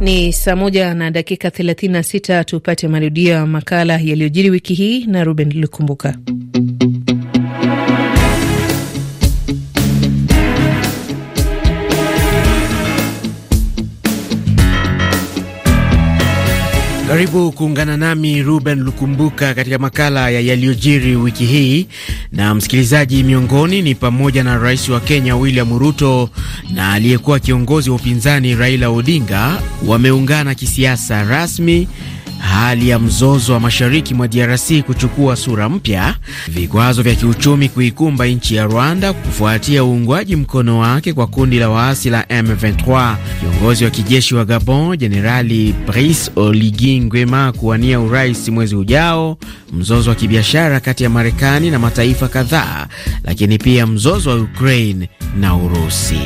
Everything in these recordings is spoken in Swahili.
Ni saa moja na dakika 36. Tupate marudio ya makala yaliyojiri wiki hii na Ruben Lukumbuka. Karibu kuungana nami Ruben Lukumbuka katika makala ya yaliyojiri wiki hii. Na msikilizaji, miongoni ni pamoja na rais wa Kenya William Ruto na aliyekuwa kiongozi wa upinzani Raila Odinga wameungana kisiasa rasmi hali ya mzozo wa mashariki mwa DRC kuchukua sura mpya, vikwazo vya kiuchumi kuikumba nchi ya Rwanda kufuatia uungwaji mkono wake kwa kundi la waasi la M23, kiongozi wa kijeshi wa Gabon Jenerali Brice Oligui Nguema kuwania urais mwezi ujao, mzozo wa kibiashara kati ya Marekani na mataifa kadhaa, lakini pia mzozo wa Ukraine na Urusi.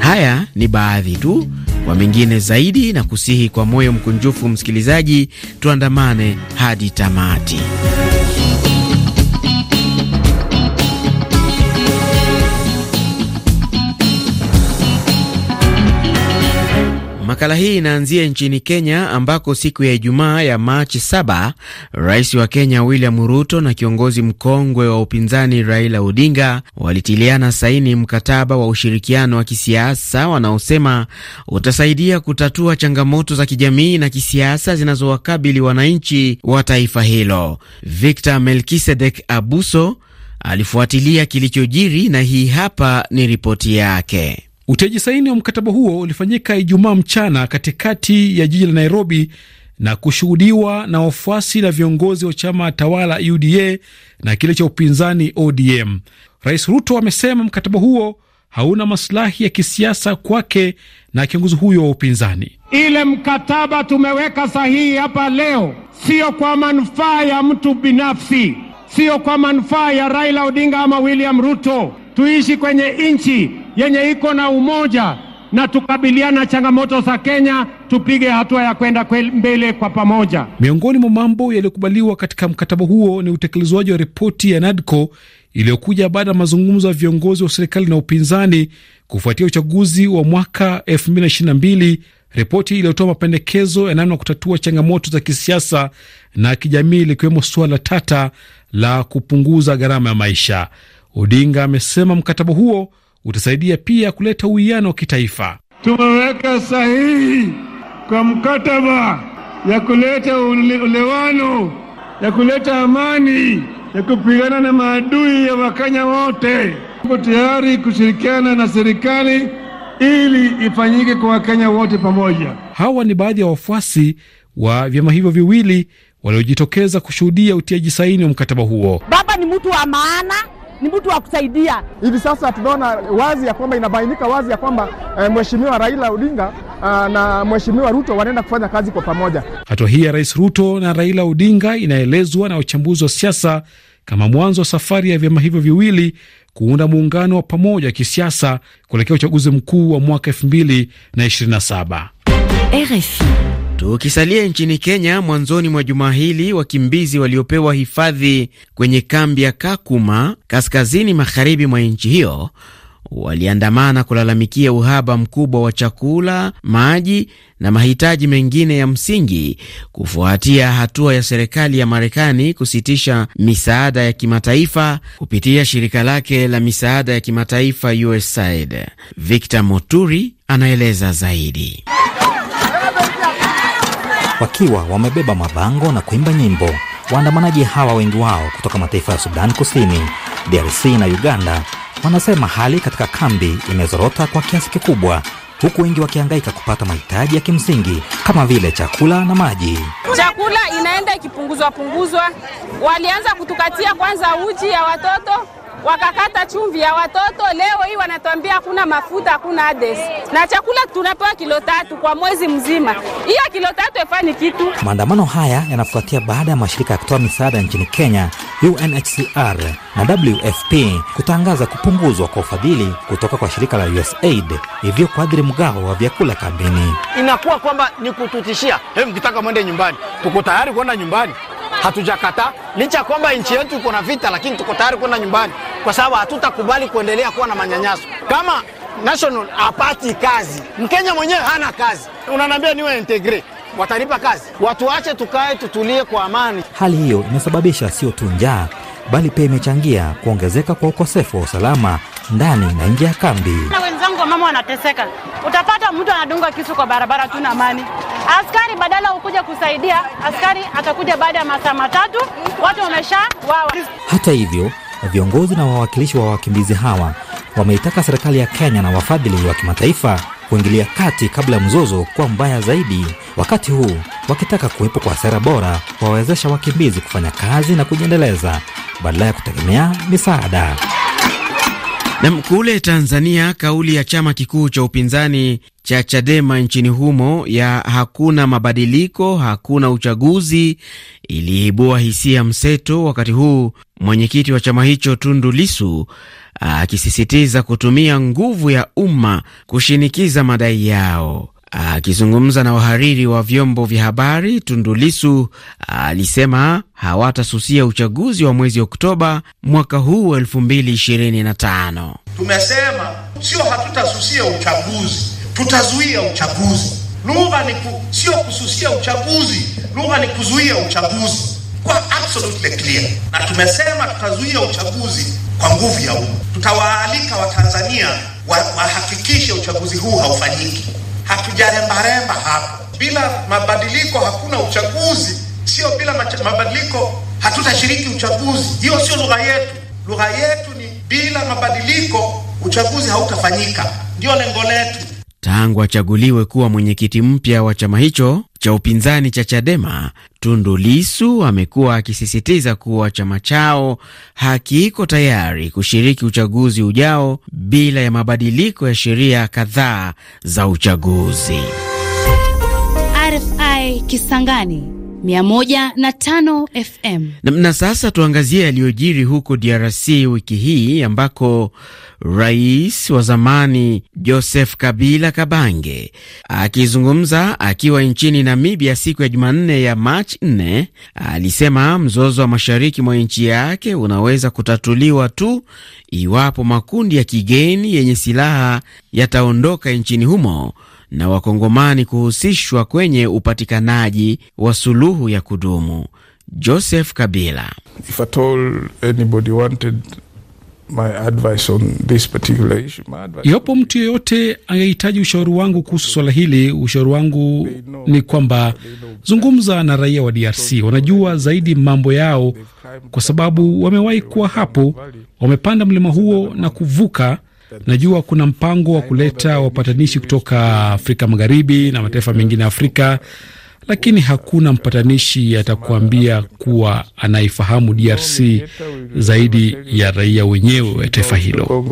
Haya ni baadhi tu, kwa mengine zaidi na kusihi kwa moyo mkunjufu msikilizaji, tuandamane hadi tamati. Makala hii inaanzia nchini Kenya ambako siku ya Ijumaa ya Machi 7 rais wa Kenya William Ruto na kiongozi mkongwe wa upinzani Raila Odinga walitiliana saini mkataba wa ushirikiano wa kisiasa wanaosema utasaidia kutatua changamoto za kijamii na kisiasa zinazowakabili wananchi wa taifa hilo. Victor Melkisedek Abuso alifuatilia kilichojiri na hii hapa ni ripoti yake. Utiaji saini wa mkataba huo ulifanyika Ijumaa mchana katikati ya jiji la Nairobi na kushuhudiwa na wafuasi na viongozi wa chama tawala UDA na kile cha upinzani ODM. Rais Ruto amesema mkataba huo hauna masilahi ya kisiasa kwake na kiongozi huyo wa upinzani. Ile mkataba tumeweka sahihi hapa leo, siyo kwa manufaa ya mtu binafsi sio kwa manufaa ya Raila Odinga ama William Ruto. Tuishi kwenye nchi yenye iko na umoja na tukabiliana changamoto za Kenya, tupige hatua ya kwenda mbele kwa pamoja. Miongoni mwa mambo yaliyokubaliwa katika mkataba huo ni utekelezwaji wa ripoti ya NADCO iliyokuja baada ya mazungumzo ya viongozi wa serikali na upinzani kufuatia uchaguzi wa mwaka Ripoti iliyotoa mapendekezo ya namna ya kutatua changamoto za kisiasa na kijamii, likiwemo suala tata la kupunguza gharama ya maisha. Odinga amesema mkataba huo utasaidia pia kuleta uwiano wa kitaifa. Tumeweka sahihi kwa mkataba ya kuleta ulewano, ya kuleta amani, ya kupigana na maadui ya Wakenya wote. Tuko tayari kushirikiana na serikali ili ifanyike kwa Wakenya wote pamoja. Hawa ni baadhi ya wafuasi wa vyama hivyo viwili waliojitokeza kushuhudia utiaji saini wa mkataba huo. Baba ni mtu wa maana, ni mtu wa kusaidia. Hivi sasa tunaona wazi ya kwamba inabainika wazi ya kwamba eh, mheshimiwa Raila Odinga ah, na mheshimiwa Ruto wanaenda kufanya kazi kwa pamoja. Hatua hii ya Rais Ruto na Raila Odinga inaelezwa na wachambuzi wa siasa kama mwanzo wa safari ya vyama hivyo viwili kuunda muungano wa pamoja wa kisiasa kuelekea uchaguzi mkuu wa mwaka 227 RFI. Tukisalia nchini Kenya, mwanzoni mwa juma hili wakimbizi waliopewa hifadhi kwenye kambi ya Kakuma kaskazini magharibi mwa nchi hiyo waliandamana kulalamikia uhaba mkubwa wa chakula, maji na mahitaji mengine ya msingi kufuatia hatua ya serikali ya Marekani kusitisha misaada ya kimataifa kupitia shirika lake la misaada ya kimataifa USAID. Victor Moturi anaeleza zaidi. Wakiwa wamebeba mabango na kuimba nyimbo, waandamanaji hawa wengi wao kutoka mataifa ya Sudan Kusini DRC na Uganda wanasema hali katika kambi imezorota kwa kiasi kikubwa, huku wengi wakihangaika kupata mahitaji ya kimsingi kama vile chakula na maji. Chakula inaenda ikipunguzwa punguzwa. Walianza kutukatia kwanza uji ya watoto wakakata chumvi ya watoto. Leo hii wanatuambia hakuna mafuta, hakuna ades na chakula. Tunapewa kilo tatu kwa mwezi mzima, hiyo kilo tatu efani kitu. Maandamano haya yanafuatia baada ya mashirika ya kutoa misaada nchini Kenya UNHCR na WFP kutangaza kupunguzwa kwa ufadhili kutoka kwa shirika la USAID, hivyo kuathiri mgao wa vyakula kambini. Inakuwa kwamba ni kututishia, hebu mkitaka mwende nyumbani, tuko tayari kwenda nyumbani, hatujakataa licha ya kwamba nchi yetu iko na vita, lakini tuko tayari kwenda nyumbani kwa sababu hatutakubali kuendelea kuwa na manyanyaso. Kama national apati kazi, Mkenya mwenyewe hana kazi, unaniambia niwe integrate watanipa kazi? Watuache tukae tutulie kwa amani. Hali hiyo imesababisha sio tu njaa, bali pia imechangia kuongezeka kwa ukosefu wa usalama ndani na nje ya kambi. Na wenzangu wamama wanateseka, utapata mtu anadunga kisu kwa barabara, na amani. Askari badala ukuja kusaidia, askari atakuja baada ya masaa matatu, watu wameshawawa. Hata hivyo, viongozi na wawakilishi wa wakimbizi hawa wameitaka serikali ya Kenya na wafadhili wa kimataifa kuingilia kati kabla ya mzozo kuwa mbaya zaidi, wakati huu wakitaka kuwepo kwa sera bora wawezesha wakimbizi kufanya kazi na kujiendeleza badala ya kutegemea misaada. Nam, kule Tanzania, kauli ya chama kikuu cha upinzani cha Chadema nchini humo ya hakuna mabadiliko, hakuna uchaguzi iliibua hisia mseto, wakati huu mwenyekiti wa chama hicho Tundu Lisu akisisitiza kutumia nguvu ya umma kushinikiza madai yao. Akizungumza na wahariri wa vyombo vya habari, Tundu Lisu alisema hawatasusia uchaguzi wa mwezi Oktoba mwaka huu 2025. Tumesema sio, hatutasusia uchaguzi, tutazuia uchaguzi. Lugha ni ku, sio kususia uchaguzi, lugha ni kuzuia uchaguzi kuwa absolutely clear, na tumesema tutazuia uchaguzi kwa nguvu ya umma. Tutawaalika Watanzania wahakikishe wa uchaguzi huu haufanyiki. Hatujarembaremba hapo. Bila mabadiliko hakuna uchaguzi, sio bila mabadiliko hatutashiriki uchaguzi. Hiyo sio lugha yetu. Lugha yetu ni bila mabadiliko uchaguzi hautafanyika, ndio lengo letu. Tangu achaguliwe kuwa mwenyekiti mpya wa chama hicho, cha upinzani cha Chadema Tundu Lisu amekuwa akisisitiza kuwa chama chao hakiko tayari kushiriki uchaguzi ujao bila ya mabadiliko ya sheria kadhaa za uchaguzi. RFI Kisangani 105 FM. Na, na sasa tuangazie yaliyojiri huko DRC wiki hii ambako rais wa zamani Joseph Kabila Kabange akizungumza akiwa nchini Namibia siku ya Jumanne ya Machi 4 alisema mzozo wa mashariki mwa nchi yake unaweza kutatuliwa tu iwapo makundi ya kigeni yenye silaha yataondoka nchini humo na wakongomani kuhusishwa kwenye upatikanaji wa suluhu ya kudumu. Joseph Kabila Iwapo mtu yeyote angehitaji ushauri wangu kuhusu swala hili, ushauri wangu ni kwamba zungumza na raia wa DRC. Wanajua zaidi mambo yao kwa sababu wamewahi kuwa hapo, wamepanda mlima huo na kuvuka. Najua kuna mpango wa kuleta wapatanishi kutoka Afrika Magharibi na mataifa mengine ya Afrika lakini hakuna mpatanishi atakuambia kuwa anaifahamu DRC zaidi ya raia wenyewe wa taifa hilo.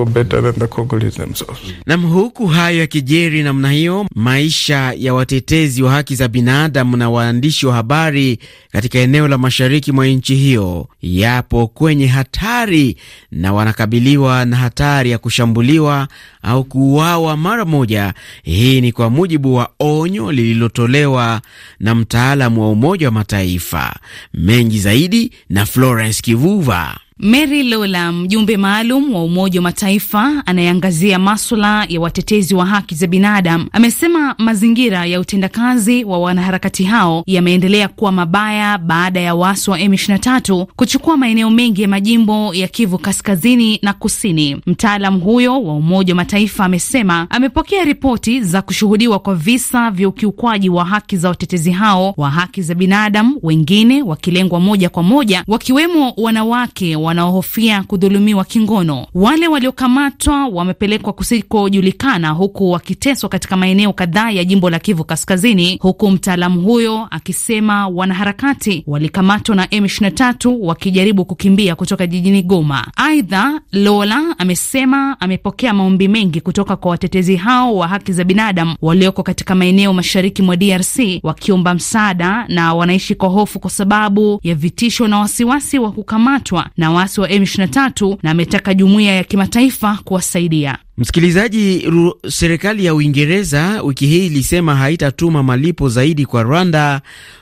Nam, huku hayo yakijeri namna hiyo, maisha ya watetezi wa haki za binadamu na waandishi wa habari katika eneo la mashariki mwa nchi hiyo yapo kwenye hatari na wanakabiliwa na hatari ya kushambuliwa au kuuawa mara moja. Hii ni kwa mujibu wa onyo lililotolewa na mtaalamu wa Umoja wa Mataifa. Mengi zaidi na Florence Kivuva. Mary Lola, mjumbe maalum wa Umoja wa Mataifa anayeangazia maswala ya watetezi wa haki za binadamu, amesema mazingira ya utendakazi wa wanaharakati hao yameendelea kuwa mabaya baada ya waasi wa M23 kuchukua maeneo mengi ya majimbo ya Kivu kaskazini na kusini. Mtaalam huyo wa Umoja wa Mataifa amesema amepokea ripoti za kushuhudiwa kwa visa vya ukiukwaji wa haki za watetezi hao wa haki za binadamu, wengine wakilengwa moja kwa moja, wakiwemo wanawake wa wanaohofia kudhulumiwa kingono. Wale waliokamatwa wamepelekwa kusikojulikana, huku wakiteswa katika maeneo kadhaa ya jimbo la Kivu Kaskazini, huku mtaalamu huyo akisema wanaharakati walikamatwa na M23 wakijaribu kukimbia kutoka jijini Goma. Aidha, Lola amesema amepokea maombi mengi kutoka kwa watetezi hao wa haki za binadamu walioko katika maeneo mashariki mwa DRC wakiomba msaada na wanaishi kwa hofu kwa sababu ya vitisho na wasiwasi wa kukamatwa na waasi wa M23 na ametaka jumuiya ya kimataifa kuwasaidia. Msikilizaji, serikali ya Uingereza wiki hii ilisema haitatuma malipo zaidi kwa Rwanda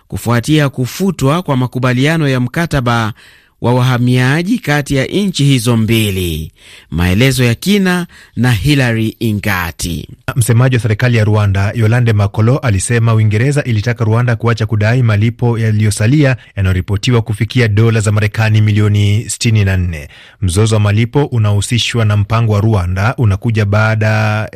kufuatia kufutwa kwa makubaliano ya mkataba wa wahamiaji kati ya nchi hizo mbili. Maelezo ya kina na Hilary Ingati. Msemaji wa serikali ya Rwanda Yolande Makolo alisema Uingereza ilitaka Rwanda kuacha kudai malipo yaliyosalia yanayoripotiwa kufikia dola za Marekani milioni 64. Mzozo wa malipo unahusishwa na mpango wa Rwanda unakuja baada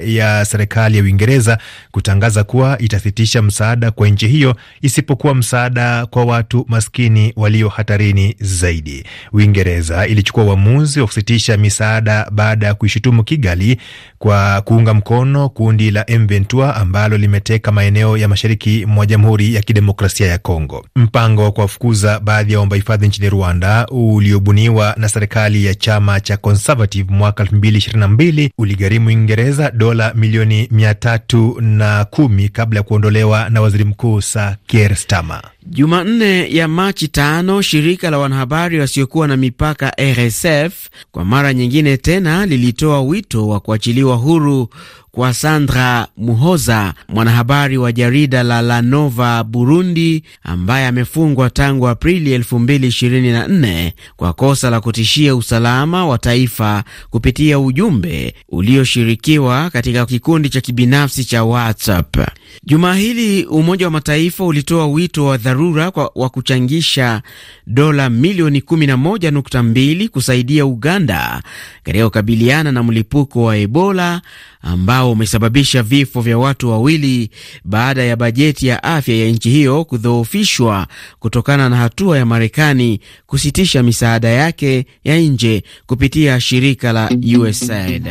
ya serikali ya Uingereza kutangaza kuwa itasitisha msaada kwa nchi hiyo isipokuwa msaada kwa watu maskini walio hatarini zaidi. Uingereza ilichukua uamuzi wa kusitisha misaada baada ya kuishutumu Kigali kwa kuunga mkono kundi la M23 ambalo limeteka maeneo ya mashariki mwa Jamhuri ya Kidemokrasia ya Kongo. Mpango wa kuwafukuza baadhi ya waomba hifadhi nchini Rwanda uliobuniwa na serikali ya chama cha Conservative mwaka 2022 uligharimu Uingereza dola milioni 310 kabla ya kuondolewa na waziri mkuu Sir Keir Starmer. Jumanne ya Machi tano, shirika la wanahabari wasiokuwa na mipaka RSF kwa mara nyingine tena lilitoa wito wa kuachiliwa huru kwa Sandra Muhoza, mwanahabari wa jarida la La Nova Burundi, ambaye amefungwa tangu Aprili 2024 kwa kosa la kutishia usalama wa taifa kupitia ujumbe ulioshirikiwa katika kikundi cha kibinafsi cha WhatsApp. Juma hili Umoja wa Mataifa ulitoa wito wa dharura wa kuchangisha dola milioni 11.2 kusaidia Uganda katika kukabiliana na mlipuko wa Ebola ambao umesababisha vifo vya watu wawili baada ya bajeti ya afya ya nchi hiyo kudhoofishwa kutokana na hatua ya Marekani kusitisha misaada yake ya nje kupitia shirika la USAID.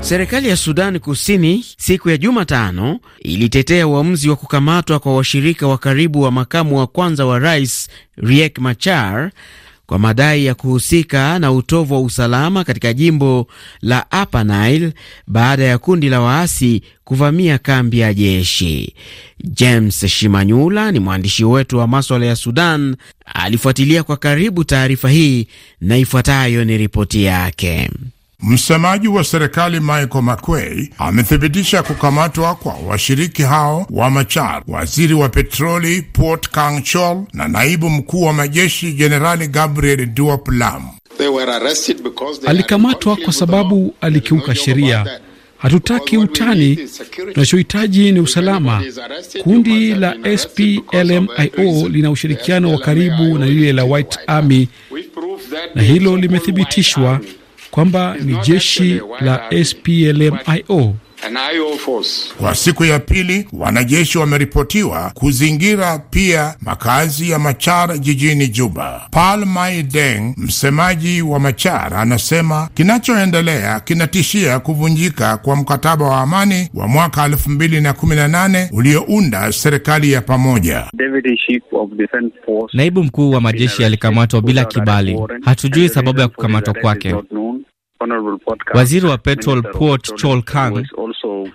Serikali ya Sudan Kusini siku ya Jumatano ilitetea uamuzi wa kukamatwa kwa washirika wa karibu wa makamu wa kwanza wa rais Riek Machar kwa madai ya kuhusika na utovu wa usalama katika jimbo la Upper Nile baada ya kundi la waasi kuvamia kambi ya jeshi. James Shimanyula ni mwandishi wetu wa maswala ya Sudan, alifuatilia kwa karibu taarifa hii na ifuatayo ni ripoti yake. Msemaji wa serikali Michael Makwei amethibitisha kukamatwa kwa washiriki hao wa Machar, waziri wa petroli Port Kang Chol na naibu mkuu wa majeshi Jenerali Gabriel Duop Lam. Alikamatwa kwa sababu alikiuka sheria. Hatutaki utani, tunachohitaji ni usalama. Kundi la SPLMIO lina ushirikiano wa karibu na lile la White Army, na hilo limethibitishwa kwamba ni jeshi la SPLMIO. Kwa siku ya pili wanajeshi wameripotiwa kuzingira pia makazi ya Machar jijini Juba. Paul Maideng, msemaji wa Machar, anasema kinachoendelea kinatishia kuvunjika kwa mkataba wa amani wa mwaka 2018 uliounda serikali ya pamoja. Naibu mkuu wa majeshi alikamatwa bila kibali, hatujui sababu ya kukamatwa kwake. Waziri wa Petrol Port Chol Kang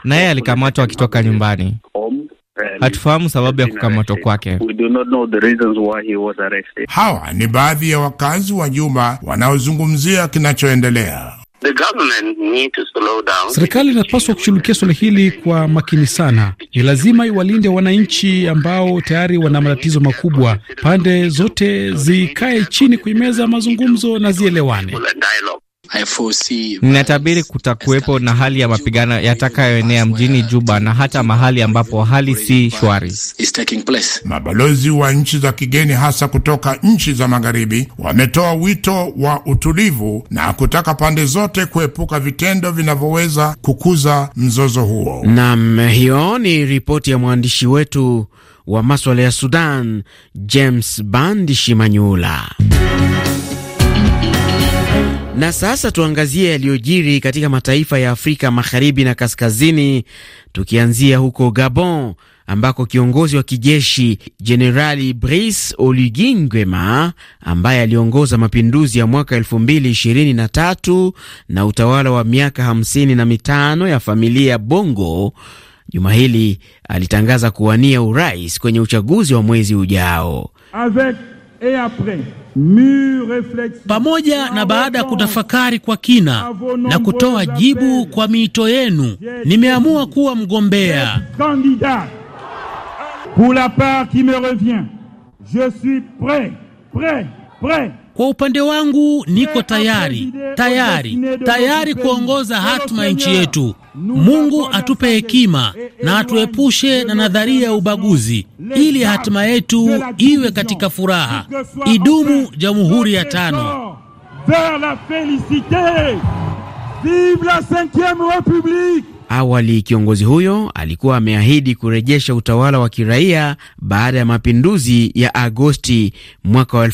naye alikamatwa akitoka nyumbani. Hatufahamu sababu ya kukamatwa kwake. Hawa ni baadhi ya wakazi wa Juba wanaozungumzia kinachoendelea. Serikali inapaswa kushughulikia suala hili kwa makini sana. Ni lazima iwalinde wananchi ambao tayari wana matatizo makubwa. Pande zote zikae chini kuimeza mazungumzo na zielewane. Ninatabiri kutakuwepo na hali ya mapigano yatakayoenea mjini Juba na hata mahali ambapo hali si shwari. Mabalozi wa nchi za kigeni hasa kutoka nchi za magharibi wametoa wito wa utulivu na kutaka pande zote kuepuka vitendo vinavyoweza kukuza mzozo huo. Naam, hiyo ni ripoti ya mwandishi wetu wa maswala ya Sudan James bandishimanyula na sasa tuangazie yaliyojiri katika mataifa ya Afrika magharibi na kaskazini, tukianzia huko Gabon ambako kiongozi wa kijeshi Jenerali Brice Oligui Nguema ambaye aliongoza mapinduzi ya mwaka 2023 na utawala wa miaka 55 ya familia Bongo juma hili alitangaza kuwania urais kwenye uchaguzi wa mwezi ujao Avec et après. Pamoja na baada ya kutafakari kwa kina na kutoa jibu kwa miito yenu, nimeamua kuwa mgombea. Pour la part qui me revient, je suis prêt, prêt, prêt. Kwa upande wangu niko tayari tayari tayari kuongoza hatma ya nchi yetu. Mungu atupe hekima na atuepushe na nadharia ya ubaguzi, ili hatima yetu iwe katika furaha. Idumu Jamhuri ya Tano! Vive la Awali kiongozi huyo alikuwa ameahidi kurejesha utawala wa kiraia baada ya mapinduzi ya Agosti mwaka wa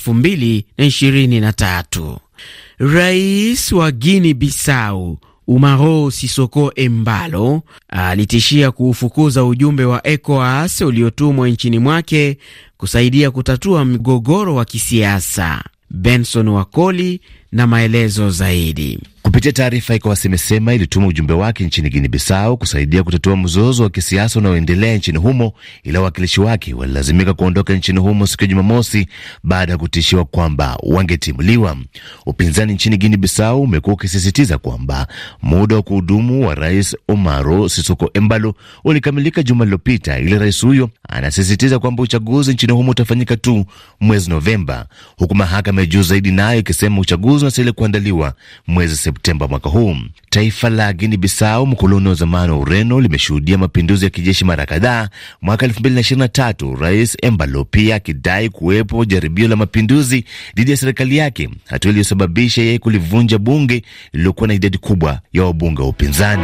Rais wa Guinea bisau Umaro Sisoko Embalo alitishia kuufukuza ujumbe wa ECOAS uliotumwa nchini mwake kusaidia kutatua mgogoro wa kisiasa. Benson Wakoli na maelezo zaidi. Kupitia taarifa, ECOWAS imesema ilituma ujumbe wake nchini Guinea Bissau kusaidia kutatua mzozo wa kisiasa unaoendelea nchini humo, ila wawakilishi wake walilazimika kuondoka nchini humo siku ya Jumamosi baada ya kutishiwa kwamba wangetimuliwa. Upinzani nchini Guinea Bissau umekuwa ukisisitiza kwamba muda wa kuhudumu wa Rais Umaro Sisoko Embalo ulikamilika juma lilopita, ili rais huyo anasisitiza kwamba uchaguzi nchini humo utafanyika tu mwezi Novemba, huku mahakama ya juu zaidi nayo ikisema uchaguzi uchaguzi unastahili kuandaliwa mwezi Septemba mwaka huu. Taifa la Guinea Bissau, mkoloni wa zamani wa Ureno, limeshuhudia mapinduzi ya kijeshi mara kadhaa. Mwaka 2023 Rais Embalo pia akidai kuwepo jaribio la mapinduzi dhidi ya serikali yake, hatua iliyosababisha yeye kulivunja bunge lililokuwa na idadi kubwa ya wabunge wa upinzani.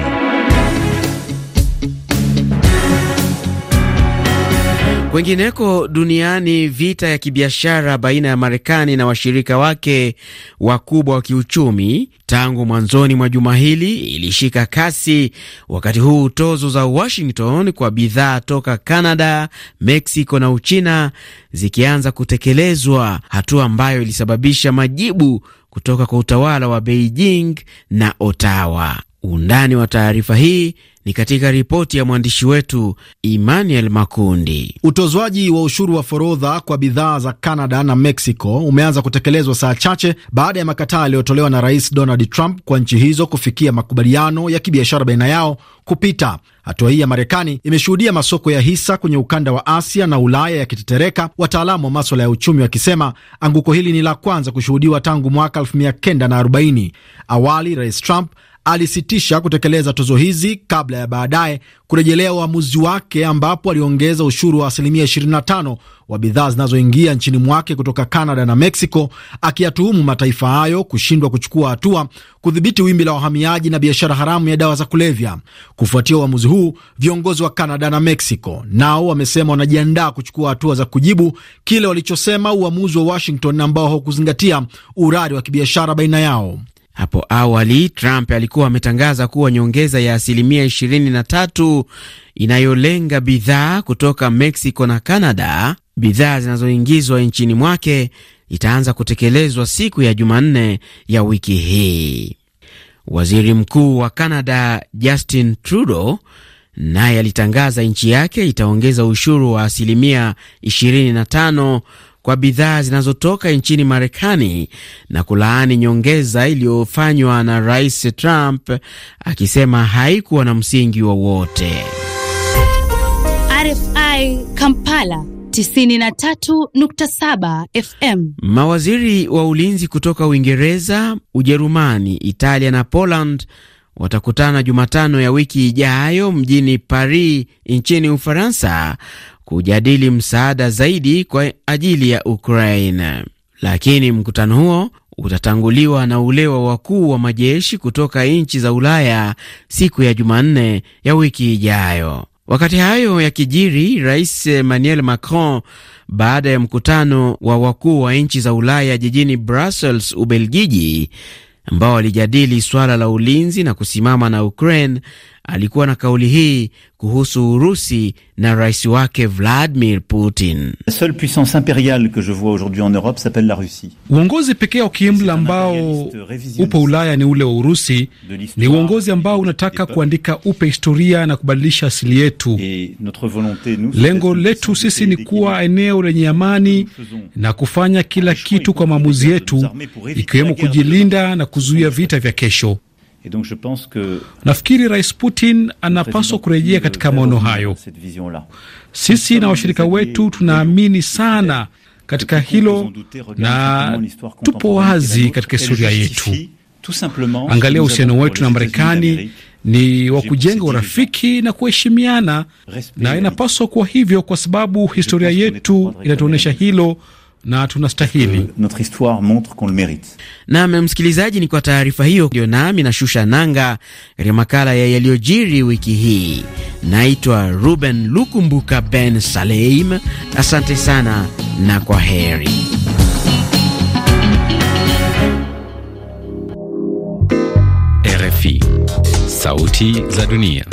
kwengineko duniani vita ya kibiashara baina ya Marekani na washirika wake wakubwa wa kiuchumi tangu mwanzoni mwa juma hili ilishika kasi, wakati huu tozo za Washington kwa bidhaa toka Canada, Mexico na Uchina zikianza kutekelezwa, hatua ambayo ilisababisha majibu kutoka kwa utawala wa Beijing na Ottawa. Undani wa taarifa hii ni katika ripoti ya mwandishi wetu Emmanuel Makundi. Utozwaji wa ushuru wa forodha kwa bidhaa za Canada na Mexico umeanza kutekelezwa saa chache baada ya makataa yaliyotolewa na Rais Donald Trump kwa nchi hizo kufikia makubaliano ya kibiashara baina yao kupita. Hatua hii ya Marekani imeshuhudia masoko ya hisa kwenye ukanda wa Asia na Ulaya yakitetereka, wataalamu wa maswala ya uchumi wakisema anguko hili ni la kwanza kushuhudiwa tangu mwaka 1940. Awali Rais Trump alisitisha kutekeleza tozo hizi kabla ya baadaye kurejelea uamuzi wake, ambapo aliongeza ushuru wa asilimia 25 wa bidhaa zinazoingia nchini mwake kutoka Canada na Mexico, akiyatuhumu mataifa hayo kushindwa kuchukua hatua kudhibiti wimbi la wahamiaji na biashara haramu ya dawa za kulevya. Kufuatia uamuzi huu, viongozi wa Canada na Mexico nao wamesema wanajiandaa kuchukua hatua za kujibu kile walichosema uamuzi wa Washington ambao haukuzingatia urari wa kibiashara baina yao. Hapo awali Trump alikuwa ametangaza kuwa nyongeza ya asilimia 23 inayolenga bidhaa kutoka Mexico na Canada, bidhaa zinazoingizwa nchini mwake, itaanza kutekelezwa siku ya Jumanne ya wiki hii. Waziri Mkuu wa Canada Justin Trudeau naye alitangaza nchi yake itaongeza ushuru wa asilimia 25 kwa bidhaa zinazotoka nchini Marekani na kulaani nyongeza iliyofanywa na Rais Trump akisema haikuwa na msingi wowote. RFI Kampala 93.7 FM. Mawaziri wa ulinzi kutoka Uingereza, Ujerumani, Italia na Poland watakutana Jumatano ya wiki ijayo mjini Paris nchini Ufaransa kujadili msaada zaidi kwa ajili ya Ukraine, lakini mkutano huo utatanguliwa na ule wa wakuu wa majeshi kutoka nchi za Ulaya siku ya Jumanne ya wiki ijayo. Wakati hayo yakijiri, Rais Emmanuel Macron baada ya mkutano wa wakuu wa nchi za Ulaya jijini Brussels, Ubelgiji, ambao walijadili suala la ulinzi na kusimama na Ukraine alikuwa na kauli hii kuhusu Urusi na rais wake Vladimir Putin. Uongozi pekee wa kiimla ambao upo Ulaya ni ule wa Urusi. Ni uongozi ambao unataka kuandika upe historia na kubadilisha asili yetu. Lengo letu sisi ni kuwa eneo lenye amani na kufanya kila kitu kwa maamuzi yetu, ikiwemo kujilinda na kuzuia vita vya kesho donc je pense que... nafikiri Rais Putin anapaswa kurejea katika maono hayo. Sisi na washirika wetu tunaamini sana katika hilo na tupo wazi katika historia yetu. Angalia uhusiano wetu na Marekani ni wa kujenga urafiki na kuheshimiana, na inapaswa kuwa hivyo, kwa sababu historia yetu inatuonyesha hilo na tunastahili. Notre histoire montre qu'on le merite. Nam msikilizaji, ni kwa taarifa hiyo ndio nami shusha nanga katika makala ya yaliyojiri wiki hii. Naitwa Ruben Lukumbuka Ben Saleim, asante sana na kwa heri. RFI, sauti za dunia.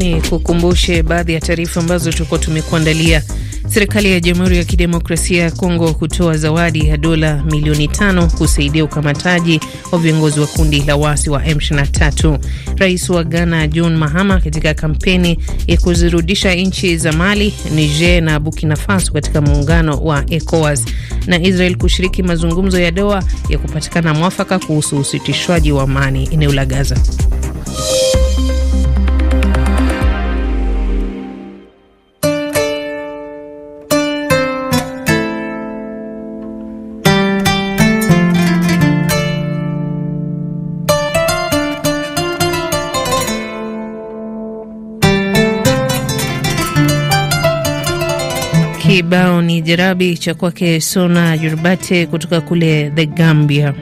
ni kukumbushe baadhi ya taarifa ambazo tulikuwa tumekuandalia. Serikali ya Jamhuri ya Kidemokrasia ya Kongo kutoa zawadi ya dola milioni tano kusaidia ukamataji wa viongozi wa kundi la waasi wa M23. Rais wa Ghana John Mahama katika kampeni ya kuzirudisha nchi za Mali, Niger na Burkina Faso katika muungano wa ECOWAS, na Israel kushiriki mazungumzo ya Doha ya kupatikana mwafaka kuhusu usitishwaji wa amani eneo la Gaza. kibao ni jerabi cha kwake Sona Jurbate kutoka kule The Gambia.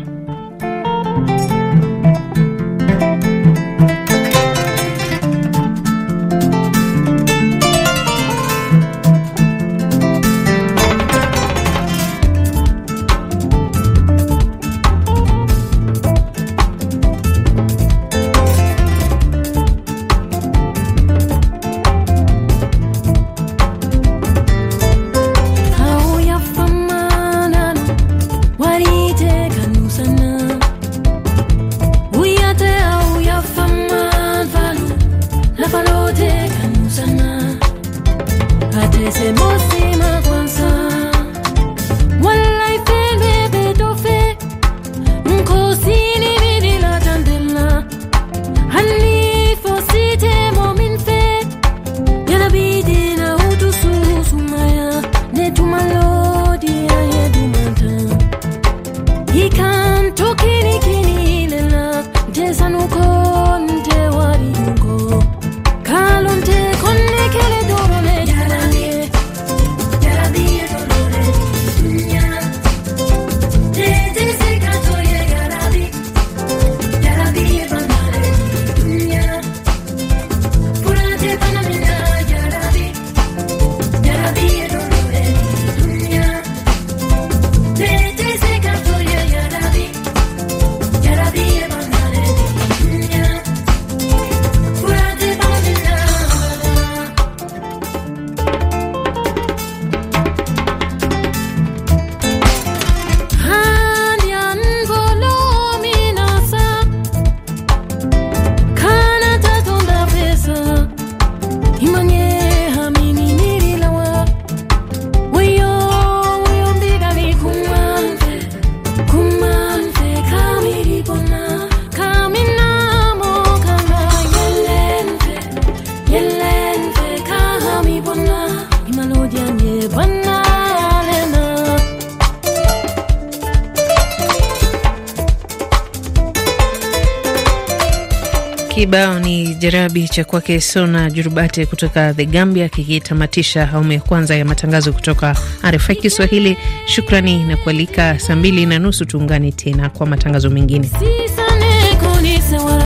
Jerabi cha kwake Sona Jurubate kutoka The Gambia, kikitamatisha awamu ya kwanza ya matangazo kutoka RFI Kiswahili. Shukrani na kualika, saa mbili na nusu tuungane tena kwa matangazo mengine.